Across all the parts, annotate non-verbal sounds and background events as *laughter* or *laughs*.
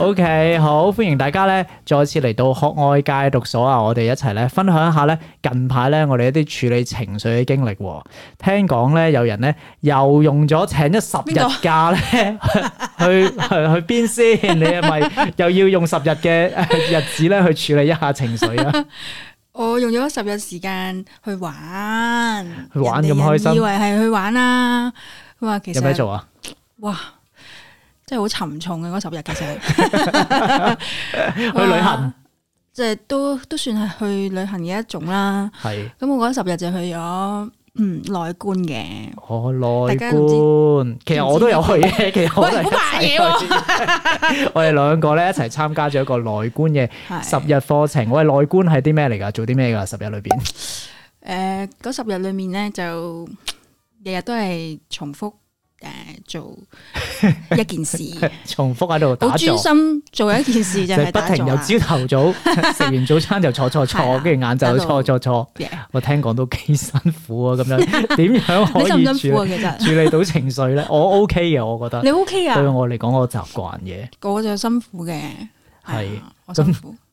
OK，好，歡迎大家咧，再次嚟到學愛戒毒所啊！我哋一齊咧分享一下咧，近排咧我哋一啲處理情緒嘅經歷。聽講咧，有人咧又用咗請咗十日假咧，去去去邊先？你係咪又要用十日嘅日子咧去處理一下情緒啊？我用咗十日時間去玩，去玩咁開心，以為係去玩啦。哇，其實有咩做啊？哇！即係好沉重嘅嗰十日其實， *laughs* *laughs* 去旅行即係 *laughs* 都都算係去旅行嘅一種啦。係是。咁我嗰十日就去咗嗯內觀嘅，哦內觀其。其實我都有去嘅，其實、啊、 *laughs* 我哋好怕嘢。我哋兩個咧一齊參加咗一個內觀嘅十日課程。嘿 *laughs* 我哋內觀係啲咩嚟噶？做啲咩噶？十日裏邊類？誒，嗰十日裏面咧就日日都係重複。誒，做一件事， *laughs* 重複喺度打坐，好專心做一件事就係 *laughs* 不停由朝頭早食 *laughs* 完早餐就坐坐坐，坐，跟住晏晝坐坐坐。 *laughs* 我聽講都幾辛苦啊，咁樣點樣可以 *laughs* 辛苦、啊、其實處理到情緒咧？我 OK 嘅，我覺得 *laughs* 你 OK 啊的，對我嚟講我習慣嘅，我 *laughs* 就辛苦嘅，係、哎、我辛苦。 *laughs*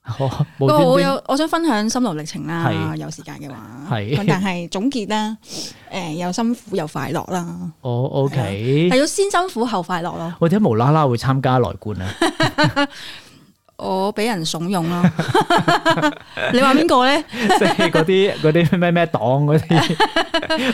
我、哦、我有我想分享心路歷程啦，是有時間嘅話。係是，但係總結咧，誒、呃，又辛苦又快樂啦。哦，OK，係、嗯、要先辛苦後快樂咯。我點解無啦啦會參加內觀啊！我俾人慫恿咯。你話邊個咧？即係嗰啲啲咩咩黨嗰啲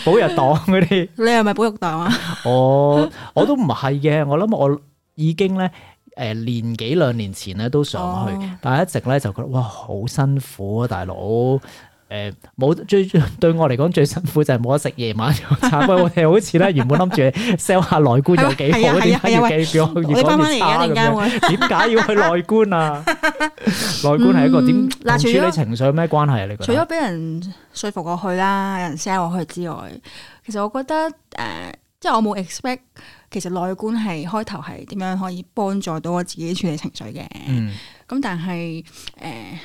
保育黨嗰啲。你係咪保育黨啊？我我都唔係嘅，我諗我已經咧。誒，年幾兩年前咧都想去，哦、但係一直咧就覺得哇好辛苦啊，大佬。誒、呃，冇最對我嚟講最辛苦就係冇得食夜晚茶杯， *laughs* 我好似咧原本諗住 sell 下內觀有幾好，點解 *laughs* 要記表越講越差啦？點解 *laughs* 要去內觀啊？內觀係一個點？處、 *laughs* 嗯，理情緒咩關係啊？你覺除咗俾人說服我去啦，有人 sell 我去之外，其實我覺得誒。呃即係我冇 expect，其實內觀係開頭係點樣可以幫助到我自己處理情緒嘅。咁、嗯、但係，誒、呃，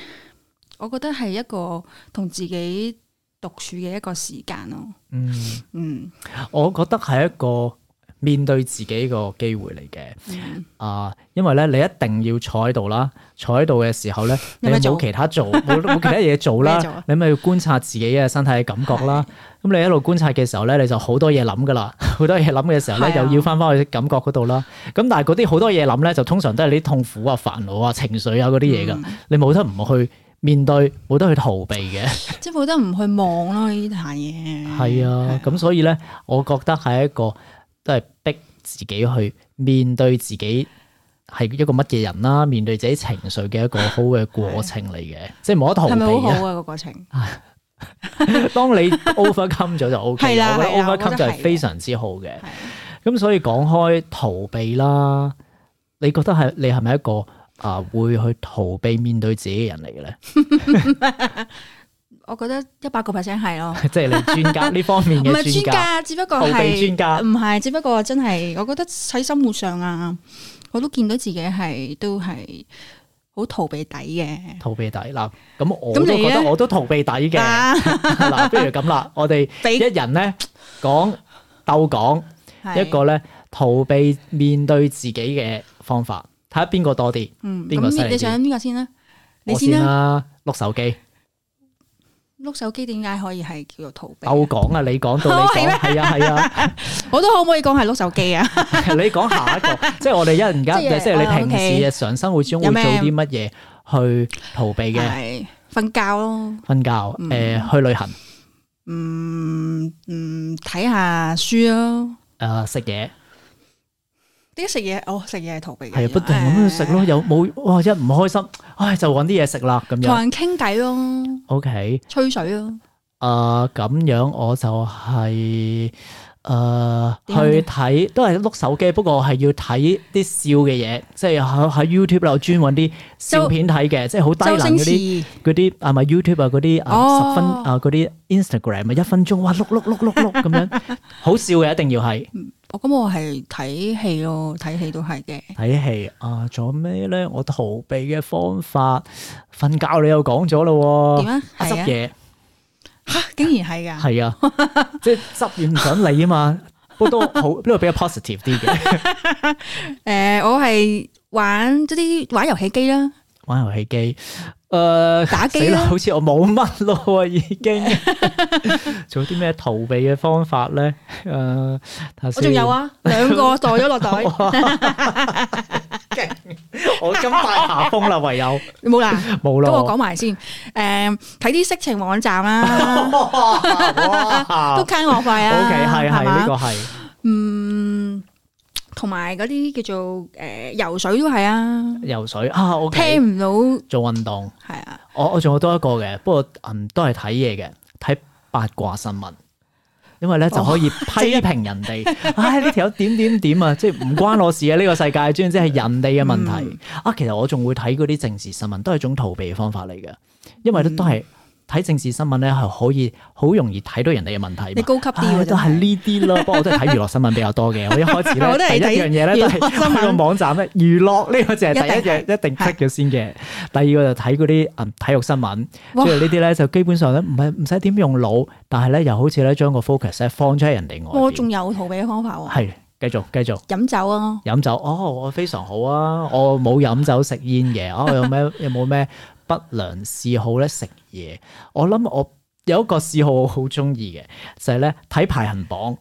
我覺得係一個同自己獨處嘅一個時間咯。嗯嗯，我覺得係一個。面對自己個機會嚟嘅，啊，因為咧你一定要坐喺度啦，坐喺度嘅時候咧，你冇其他做，冇冇其他嘢做啦，你咪要觀察自己嘅身體嘅感覺啦。咁你一路觀察嘅時候咧，你就好多嘢諗噶啦，好多嘢諗嘅時候咧，又要翻翻去感覺嗰度啦。咁但係嗰啲好多嘢諗咧，就通常都係啲痛苦啊、煩惱啊、情緒啊嗰啲嘢噶。你冇得唔去面對，冇得去逃避嘅。即係冇得唔去望咯呢壇嘢。係啊，咁所以咧，我覺得係一個。都係逼自己去面對自己係一個乜嘢人啦、啊，面對自己情緒嘅一個好嘅過程嚟嘅，是即係冇得逃避、啊。係咪好好啊、嗰個過程？ *laughs* 當你 overcome 咗就 OK， *laughs* 我覺得 overcome 就係非常之好嘅。咁的所以講開逃避啦，你覺得係你係咪一個啊、呃、會去逃避面對自己嘅人嚟嘅咧？ *laughs* *laughs* 我覺得一百個 percent 係咯，即係 *laughs* 你專家呢方面嘅專家， *laughs* 唔係專家，只不過逃避專家唔係，只不過真係，我覺得喺生活上啊，我都見到自己係都係好逃避底嘅，逃避底嗱，咁我都覺得我都逃避底嘅嗱， *laughs* 不如咁啦，我哋一人咧講鬥講一個咧逃避面對自己嘅方法，睇下邊個多啲，嗯，咁你想邊個先啦？ *laughs* 你先啦，碌手機。碌手機點解可以係叫做逃避？我講啊，你講到你講，係啊係啊，我都可唔可以講係碌手機啊？你講下一個，即係我哋一陣間，即係你平時日常生活之中會做啲乜嘢去逃避嘅？瞓覺咯，瞓覺，誒，去旅行，嗯嗯，睇下書咯，誒，食嘢。啲食嘢，哦，食嘢係逃避嘅？係啊，不斷咁樣食咯，又冇或者唔開心，唉，就搵啲嘢食啦咁樣，同人傾偈咯，OK，吹水咯，啊咁樣我就係。誒，去睇都係碌手機，不過係要睇啲笑嘅嘢，即係喺喺 YouTube 又專揾啲笑片睇嘅，即係好低能嗰啲嗰啲，係咪 YouTube 啊嗰啲啊，十分啊，嗰啲 Instagram 啊一分鐘哇，碌碌碌碌碌咁樣，好笑嘅一定要係。我感覺我係睇戲咯，睇戲都係嘅睇戲啊，仲有咩咧？我逃避嘅方法，瞓覺你又講咗啦，點啊？係啊。竟然係噶，係啊，即係執完唔想理啊嘛，不過 *laughs* 都好，呢個比較 positive 啲嘅。誒，我係玩即係啲玩遊戲機啦，玩遊戲機。誒，打機好似我冇乜咯，已經做啲咩逃避嘅方法咧？誒，我仲有啊，兩個袋咗落袋，我今敗下風啦，唯有你冇啦，冇啦，咁我講埋先，誒，睇啲色情網站啊，都傾我快啊，OK，係係呢個係，嗯。同埋嗰啲叫做誒游水都係啊，游水啊，水啊 okay, 聽唔到做運動係啊，我我仲有多一個嘅，不過嗯都係睇嘢嘅，睇八卦新聞，因為咧就可以批評人哋，唉呢條點點點啊，即係唔關我事啊，呢、呢個世界總之係即係人哋嘅問題、嗯、啊，其實我仲會睇嗰啲政治新聞，都係一種逃避嘅方法嚟嘅，因為咧都係。嗯睇政治新聞咧，係可以好容易睇到人哋嘅問題。你高級啲就係呢啲咯，不過我都係睇娛樂新聞比較多嘅。我一開始咧第一樣嘢咧都係去個網站咧，娛樂呢個就係第一嘢，一定剔咗先嘅。第二個就睇嗰啲啊體育新聞，即係呢啲咧就基本上咧唔係唔使點用腦，但係咧又好似咧將個 focus 咧放出喺人哋外。我仲有逃避嘅方法喎。係繼續繼續飲酒啊！飲酒哦，我非常好啊，我冇飲酒食煙嘅。哦，有咩有冇咩？不良嗜好咧，食嘢。我諗我有一個嗜好，我好中意嘅就係咧睇排行榜，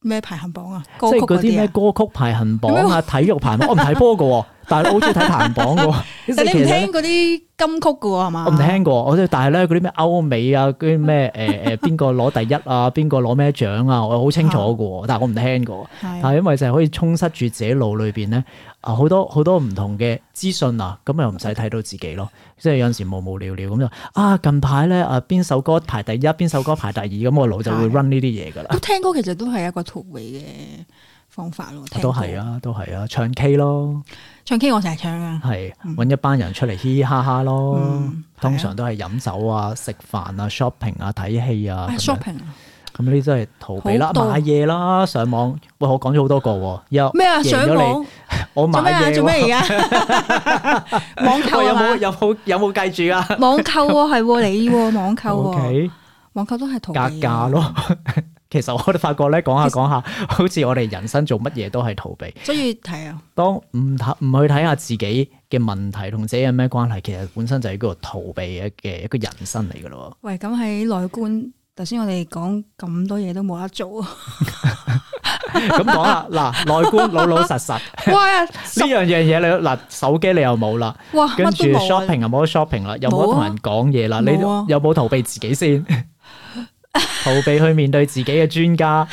咩排行榜啊？即係嗰啲咩歌曲排行榜啊、體育排行榜， *laughs* 我唔睇波噶。 *laughs* *laughs* 但係好中意睇排行榜噶？你唔聽啲金曲噶係嘛？我唔聽過，我 *laughs* 但係咧嗰啲咩歐美啊，嗰啲咩誒誒邊個攞第一啊，邊個攞咩獎啊，我好清楚噶。 *laughs* 但係我唔聽過，係 *laughs* 因為就係可以充塞住自己腦裏邊咧，好 *laughs* 多好多唔同嘅資訊啊，咁又唔使睇到自己咯。即係有陣時無無聊聊咁就啊，近排咧啊邊首歌排第一，邊首歌排第二，咁我腦就會 run 呢啲嘢噶啦。 *laughs* 聽歌其實都係一個 tool 嚟嘅。方法咯，都係啊，都係啊，唱 K 咯，唱 K 我成日唱㗎，係搵一班人出嚟嘻嘻哈哈咯，通常都係飲酒啊、食飯啊、shopping 啊、睇戲啊，shopping，咁呢啲都係逃避啦，買嘢啦，上網，喂，我講咗好多個，又咩啊，上網，我買嘢，做咩啊，做咩而家，網購有冇有冇有冇計住啊？網購啊，係你網購，網購都係逃避咯。其實我都發覺咧，講下講下，好似我哋人生做乜嘢都係逃避。所以睇啊，當唔睇唔去睇下自己嘅問題同自己有咩關係？其實本身就係一個逃避嘅嘅一個人生嚟噶咯。喂，咁喺內觀，頭先我哋講咁多嘢都冇得做，咁講下。嗱，內觀老老實實，哇！呢樣樣嘢你嗱手機你又冇啦，跟住 shopping 又冇得 shopping 啦，又冇同人講嘢啦，你有冇逃避自己先？逃避去面對自己嘅專家，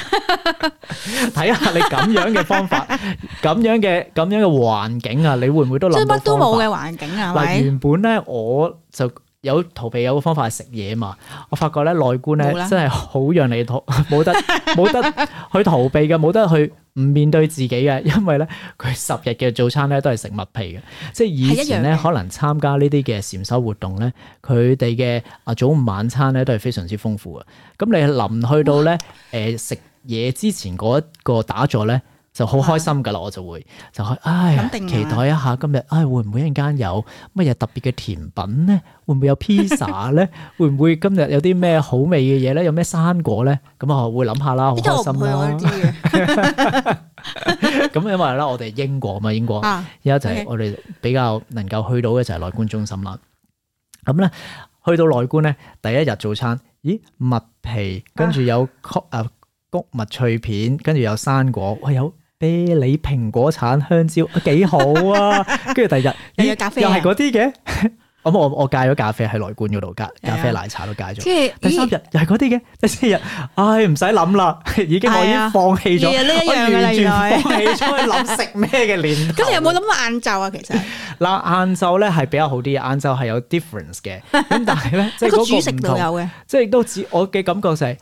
睇下 *laughs* 你咁樣嘅方法，咁 *laughs* 樣嘅咁樣嘅環境啊，你會唔會都諗？即係乜都冇嘅環境啊。係咪？原本咧我就。有逃避有個方法係食嘢嘛？我發覺咧內觀咧真係好讓你冇得冇得去逃避嘅，冇得去唔面對自己嘅，因為咧佢十日嘅早餐咧都係食麥皮嘅，即係以前咧可能參加呢啲嘅禪修活動咧，佢哋嘅啊早午晚餐咧都係非常之豐富嘅。咁你臨去到咧，誒食嘢之前嗰一個打坐咧。就好開心噶啦，我就會就去唉，期待一下今日唉，會唔會一陣間有乜嘢特別嘅甜品咧？會唔會有披薩咧？ *laughs* 會唔會今日有啲咩好味嘅嘢咧？有咩生果咧？咁啊會諗下啦，好開心囉！咁 *laughs* *laughs* 因為啦，我哋英國嘛，英國而家，啊，就係我哋比較能夠去到嘅就係內觀中心啦。咁咧，啊，okay，去到內觀咧，第一日早餐，咦麥皮跟住有谷啊谷物脆片，跟住有生果，哇，啊，有！啤梨、蘋果、橙、香蕉，幾好啊！跟住第二日咖啡又係嗰啲嘅，咁我我戒咗咖啡喺內觀嗰度戒，咖啡奶茶都戒咗。跟住第三日又係嗰啲嘅，第四日唉唔使諗啦，已經我已經放棄咗，我完全放棄咗去諗食咩嘅念頭。咁你有冇諗過晏晝啊？其實嗱，晏晝咧係比較好啲，晏晝係有 difference 嘅，咁但係咧即係嗰個唔同，即係都只我嘅感覺就係。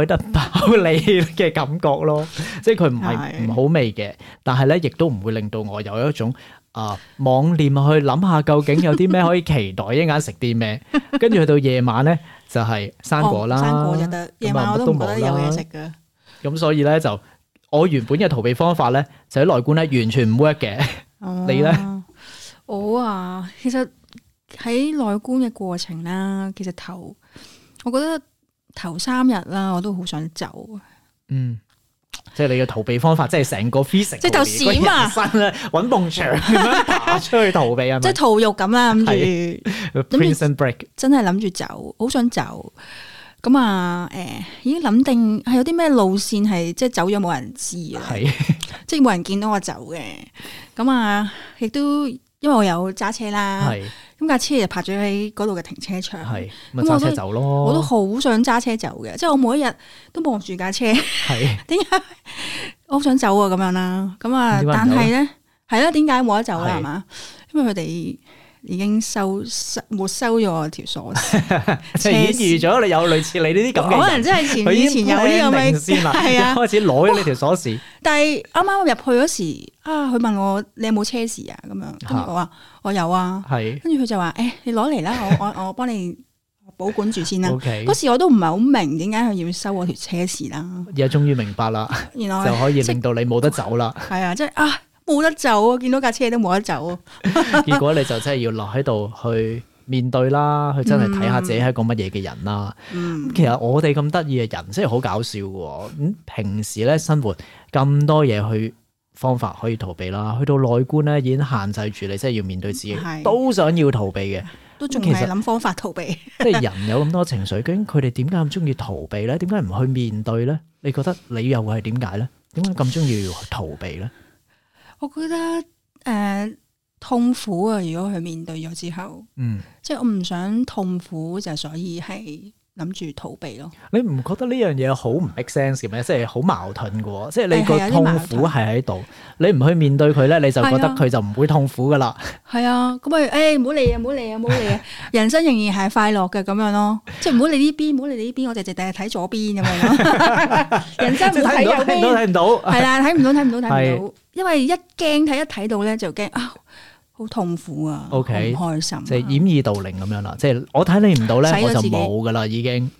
覺得飽你嘅感覺咯，即係佢唔係唔好味嘅，但係咧亦都唔會令到我有一種啊妄念去諗下究竟有啲咩可以期待一眼食啲咩，跟住去到夜晚咧就係生果啦，生果得，夜晚乜都冇得有嘢食嘅。咁所以咧就我原本嘅逃避方法咧，就喺內觀咧完全唔 work 嘅。你咧，我啊，其實喺內觀嘅過程啦，其實頭我覺得。頭三日啦，我都好想走。嗯，即係你嘅逃避方法，即係成個 free 即係逃市啊嘛，搵埲牆出去逃避啊， *laughs* 即係逃獄咁啦，諗住 prison break，真係諗住走，好想走。咁啊，誒、哎，已經諗定係有啲咩路線係即係走咗冇人知啊，係對即係冇人見到我走嘅。咁啊，亦都。因為我有揸車啦，咁架是車就泊咗喺嗰度嘅停車場，咁我揸車走咯、就是是。我都好想揸車走嘅，即係我每一日都望住架車，點解我好想走啊？咁樣啦，咁啊，但係咧係啦，點解冇得走啦、啊？係嘛是，因為佢哋。已經收收，沒收咗我條鎖匙，就預咗你有類似你呢啲咁嘅， *laughs* 可能真係前以前有呢樣先啦，係了啊，開始攞咗你條鎖匙。但係啱啱入去嗰時啊，佢、啊、問我你有冇車匙啊？咁樣，我話我有啊，係是。跟住佢就話誒、哎，你攞嚟啦，我我我幫你保管住先啦。嗰 *laughs* き時我都唔係好明點解佢要收我條車匙啦。而家終於明白啦，原來就是、就可以令到你冇得走啦。係啊，即係啊。冇得走啊！見到架車都冇得走啊！結果你就真係要落喺度去面對啦，去真係睇下自己係一個乜嘢嘅人啦。咁其實我哋咁得意嘅人，真係好搞笑嘅。咁平時咧，生活咁多嘢，去方法可以逃避啦。去到內觀咧，已經限制住你，真係要面對自己，都想要逃避嘅，都仲係諗方法逃避。即係人有咁多情緒，究竟佢哋點解咁中意逃避咧？點解唔去面對咧？你覺得你又會係點解咧？點解咁中意逃避咧？我覺得誒、呃、痛苦啊，如果佢面對咗之後，嗯，即係我唔想痛苦，就所以係，諗住逃避咯，你唔覺得呢樣嘢好唔 make sense 嘅咩？即係好矛盾嘅，即係你個痛苦係喺度，你唔去面對佢咧，你就覺得佢就唔會痛苦噶啦。係啊，咁啊，誒，唔好理啊，唔好理啊，唔好理啊！人生仍然係快樂嘅，咁樣咯，即係唔好理呢邊，唔好理呢邊，我只直第日睇咗邊咁樣咯。 *laughs* 人生唔睇 *laughs* 到，睇唔到，係啦，睇唔到，睇唔到，睇唔到，因為一驚睇一睇到咧就驚。哦好痛苦 okay，啊，唔開心，即係掩耳盜鈴咁樣啦。 *laughs* 即係我睇你唔到咧，我就冇噶啦，已經。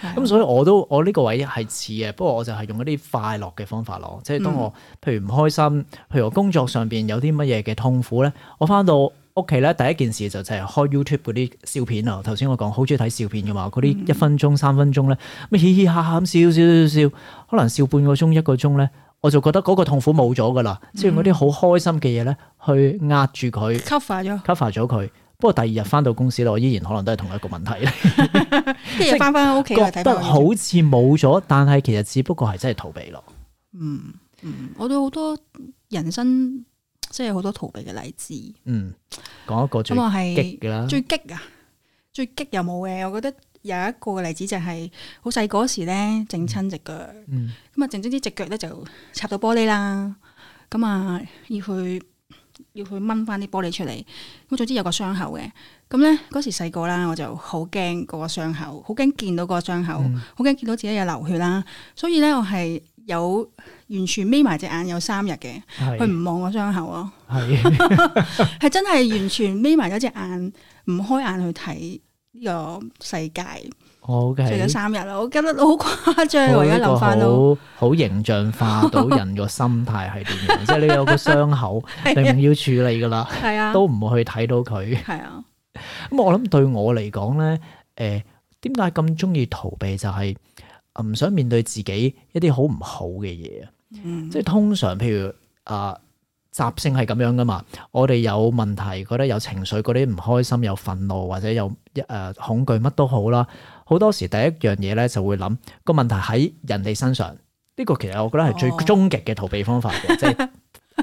咁的、嗯、所以我都我呢個位係似嘅，不過我就係用一啲快樂嘅方法咯。即係當我譬如唔開心，譬如我工作上邊有啲乜嘢嘅痛苦咧，我翻到屋企咧，第一件事就就係開 YouTube 嗰啲笑片啊。頭先我講好中意睇笑片嘅嘛，嗰啲一分鐘、三分鐘咧，咁嘻嘻哈哈咁笑笑笑笑，可能笑半個鐘、一個鐘咧。我就覺得嗰個痛苦冇咗噶啦，嗯、用嗰啲好開心嘅嘢咧，去壓住佢 cover 咗 cover 咗佢。不過第二日翻到公司咧，我依然可能都係同一個問題。即係翻翻屋企覺得好似冇咗，但係其實只不過係真係逃避咯。嗯嗯，我都好多人生即係好多逃避嘅例子。嗯，講一個最激嘅啦，最激啊，最激又冇嘅，我覺得。有一個例子就係好細個時咧整親隻腳，咁啊，整親啲隻腳咧就插到玻璃啦，咁啊，要去要去掹翻啲玻璃出嚟，咁總之有個傷口嘅，咁咧嗰時細個啦，我就好驚嗰個傷口，好驚見到個傷口，好驚、嗯、見到自己有流血啦，所以咧我係有完全眯埋隻眼有三日嘅，佢唔望個傷口咯，係係是 *laughs* 真係完全眯埋咗隻眼，唔開眼去睇。呢個世界，我係咗三日啦，我覺得好誇張啊！而家諗返好好 *laughs* 形象化到人個心態係點樣， *laughs* 即係你有個傷口， *laughs* 你唔要處理噶啦，係 *laughs* 啊，都唔會去睇到佢，係啊。咁 *laughs* 我諗對我嚟講咧，誒，點解咁中意逃避？就係、啊、唔想面對自己一啲好唔好嘅嘢啊！即係通常譬如啊。習性係咁樣噶嘛？我哋有問題，覺得有情緒，嗰啲唔開心、有憤怒或者有一誒恐懼乜都好啦。好多時第一樣嘢咧就會諗個問題喺人哋身上，呢個其實我覺得係最終極嘅逃避方法，即係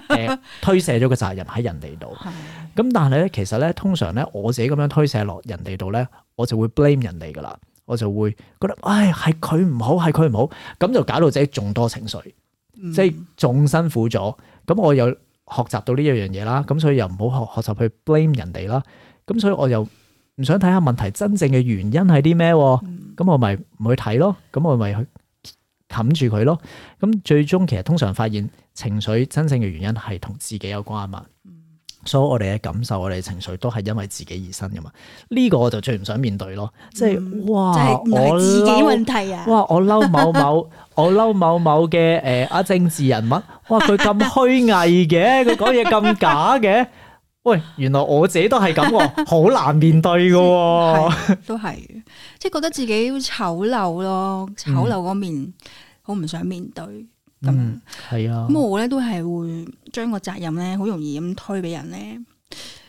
誒推卸咗個責任喺人哋度。咁 *laughs* 但係咧，其實咧通常咧，我自己咁樣推卸落人哋度咧，我就會 blame 人哋噶啦，我就會覺得唉係佢唔好，係佢唔好，咁就搞到自己仲多情緒，即係仲辛苦咗。咁我又～學習到呢一樣嘢啦，咁所以又唔好學學習去 blame 人哋啦，咁所以我又唔想睇下問題真正嘅原因係啲咩，咁、嗯、我咪唔去睇咯，咁我咪去冚住佢咯，咁最終其實通常發現情緒真正嘅原因係同自己有關啊嘛。所以我哋嘅感受，我哋嘅情緒都係因為自己而生噶嘛？呢、呢個我就最唔想面對咯，即係，哇，我自己問題啊！哇，我嬲某某， *laughs* 我嬲某某嘅，誒阿政治人物，哇，佢咁虛偽嘅，佢講嘢咁假嘅， *laughs* 喂，原來我自己都係咁喎，好難面對噶喎、啊 *laughs* 嗯，都係，即係覺得自己醜陋咯，醜陋嗰面，好唔想面對。咁係、嗯、啊！咁我咧都係會將個責任咧好容易咁推俾人咧。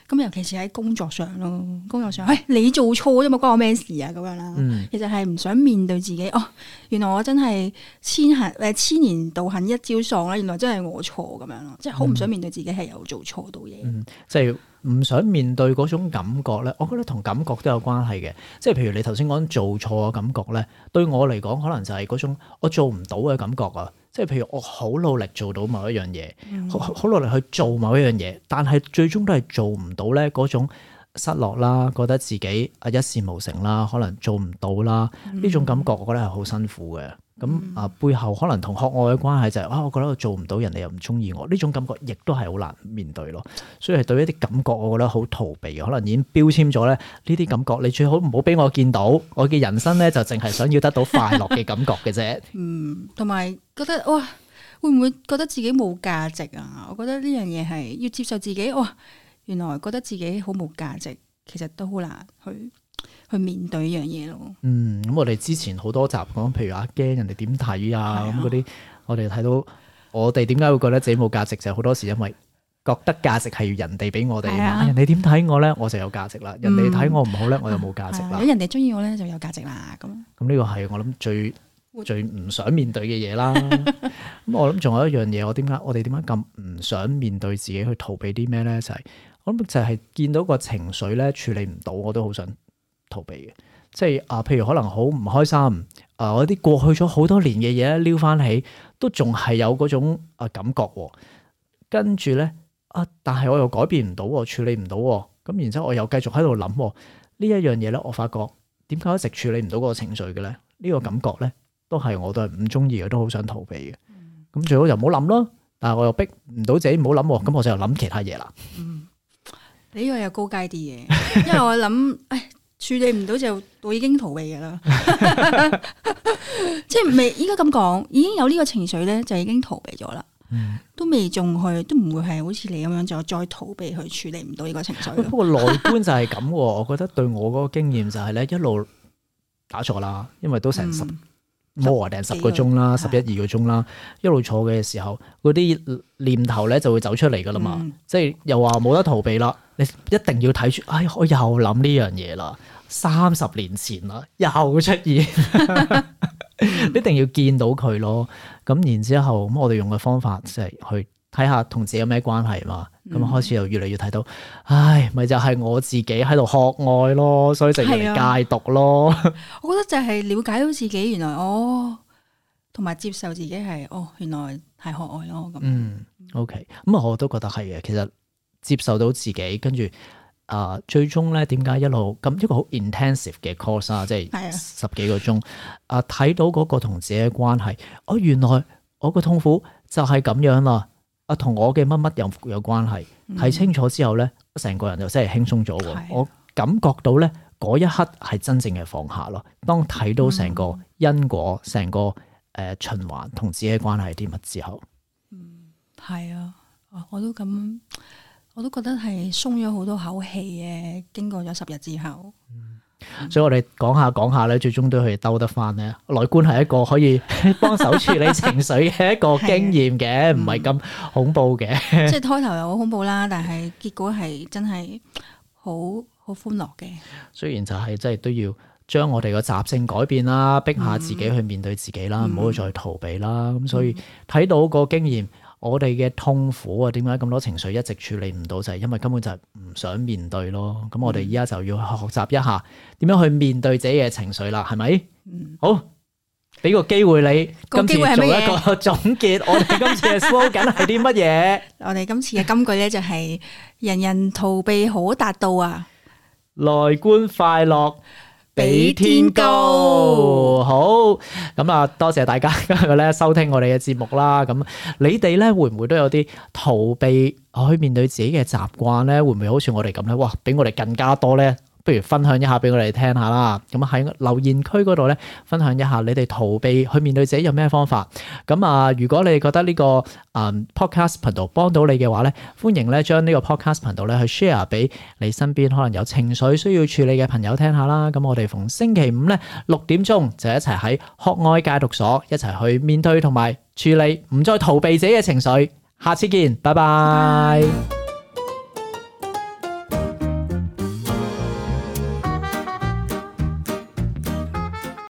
咁尤其是喺工作上咯，工作上，哎，你做錯啫嘛，關我咩事啊？咁樣啦，其實係唔想面對自己。哦，原來我真係千恨誒，千年道行一朝喪啦！原來真係我錯咁樣咯，即係好唔想面對自己係有做錯到嘢。嗯，即係唔想面對嗰種感覺咧。我覺得同感覺都有關係嘅。即係譬如你頭先講做錯嘅感覺咧，對我嚟講，可能就係嗰種我做唔到嘅感覺啊。即係譬如我好努力做到某一樣嘢，好好努力去做某一樣嘢，但係最終都係做唔到咧嗰種失落啦，覺得自己啊一事無成啦，可能做唔到啦，呢、嗯、種感覺我覺得係好辛苦嘅。咁、嗯、啊背後可能同學外嘅關係就係、是、啊，我覺得我做唔到，人哋又唔中意我，呢種感覺亦都係好難面對咯。所以對一啲感覺，我覺得好逃避，可能已經標籤咗咧呢啲感覺，你最好唔好俾我見到。我嘅人生咧就淨係想要得到快樂嘅感覺嘅啫。 *laughs* 嗯，同埋覺得哇，會唔會覺得自己冇價值啊？我覺得呢樣嘢係要接受自己哇。原來覺得自己好冇價值，其實都好難去去面對呢樣嘢咯。嗯，咁我哋之前好多集講，譬如話驚人哋點睇啊，咁嗰啲，嗯、我哋睇到我哋點解會覺得自己冇價值？嗯、就係好多時因為覺得價值係要人哋俾我哋，啊、人哋點睇我咧，我就有價值啦。嗯、人哋睇我唔好咧，我就冇價值啦。啊啊、如果人哋中意我咧，就有價值啦。咁咁呢個係我諗最會最唔想面對嘅嘢啦。咁 *laughs* 我諗仲有一樣嘢，我點解我哋點解咁唔想面對自己去逃避啲咩咧？就係、是。咁就係見到個情緒咧，處理唔到，我都好想逃避嘅。即係啊，譬如可能好唔開心啊、呃，我啲過去咗好多年嘅嘢撩翻起都仲係有嗰種啊感覺。跟住咧啊，但係我又改變唔到，處理唔到。咁然之後我又繼續喺度諗呢一樣嘢咧。我發覺點解一直處理唔到嗰個情緒嘅咧？呢、這個感覺咧，都係我都係唔中意嘅，都好想逃避嘅。咁、嗯、最好就唔好諗咯。但係我又逼唔到自己唔好諗，咁我就又諗其他嘢啦。嗯你呢個又高階啲嘢，因為我諗，誒處理唔到就我已經逃避噶啦。即係未依家咁講，已經有呢個情緒咧，就已經逃避咗啦。 *laughs* 嗯、都未仲去，都唔會係好似你咁樣，就再逃避去處理唔到呢個情緒。 *laughs* 不過內觀就係咁，我覺得對我個經驗就係咧，一路打錯啦，因為都成十。嗯磨定十個鐘啦，十,十一二個鐘啦，的一路坐嘅時候，嗰啲念頭咧就會走出嚟噶啦嘛。嗯、即係又話冇得逃避啦，你一定要睇住。哎，我又諗呢樣嘢啦，三十年前啦，又出現， *laughs* *laughs* 一定要見到佢咯。咁然之後，咁我哋用嘅方法即係去。睇下同自己有咩關係嘛？咁啊、嗯，開始又越嚟越睇到，唉，咪就係、是，我自己喺度學愛咯，所以就要嚟戒毒咯、啊。我覺得就係了解到自己，原來哦，同埋接受自己係哦，原來係學愛咯。咁嗯，O K，咁啊，嗯 okay、我都覺得係嘅。其實接受到自己，跟住啊，最終咧，點解一路咁、嗯、一個好 intensive 嘅 course 啊，即、就、係、是、十幾個鐘啊，睇、呃、到嗰個同自己嘅關係，哦，原來我個痛苦就係咁樣啦。啊，同我嘅乜乜有有關係？睇、嗯、清楚之後咧，成個人就真係輕鬆咗。啊、我感覺到咧，嗰一刻係真正嘅放下咯。當睇到成個因果、成、嗯、個誒循環同自己嘅關係啲乜之後，嗯，係啊，我都咁，我都覺得係鬆咗好多口氣嘅。經過咗十日之後。嗯嗯、所以我哋講下講下咧，最終都可以兜得翻咧。內觀係一個可以幫手處理情緒嘅一個經驗嘅，唔係咁恐怖嘅。嗯、 *laughs* 即係開頭又好恐怖啦，但係結果係真係好好歡樂嘅。雖然就係真係都要將我哋個習性改變啦，逼下自己去面對自己啦，唔好，嗯、再逃避啦。咁、嗯、所以睇到個經驗。我哋嘅痛苦啊，點解咁多情緒一直處理唔到，就係因為根本就係唔想面對咯。咁我哋而家就要學習一下點樣去面對自己嘅情緒啦，係咪？嗯，好，俾個機會你今次做一個總結。我哋今次嘅金句係啲乜嘢？我哋今次嘅金句咧就係人人逃避可達到啊，內觀快樂比天高，好咁啊！多謝大家今日咧收聽我哋嘅節目啦。咁你哋咧會唔會都有啲逃避去面對自己嘅習慣咧？會唔會好似我哋咁咧？哇！比我哋更加多咧～不如分享一下俾我哋聽下啦，咁喺留言區嗰度咧，分享一下你哋逃避去面對自己有咩方法。咁啊，如果你哋覺得呢個誒 podcast 頻道幫到你嘅話咧，歡迎咧將呢個 podcast 頻道咧去 share 俾你身邊可能有情緒需要處理嘅朋友聽下啦。咁我哋逢星期五咧六點鐘就一齊喺學愛戒毒所一齊去面對同埋處理唔再逃避自己嘅情緒。下次見，拜拜。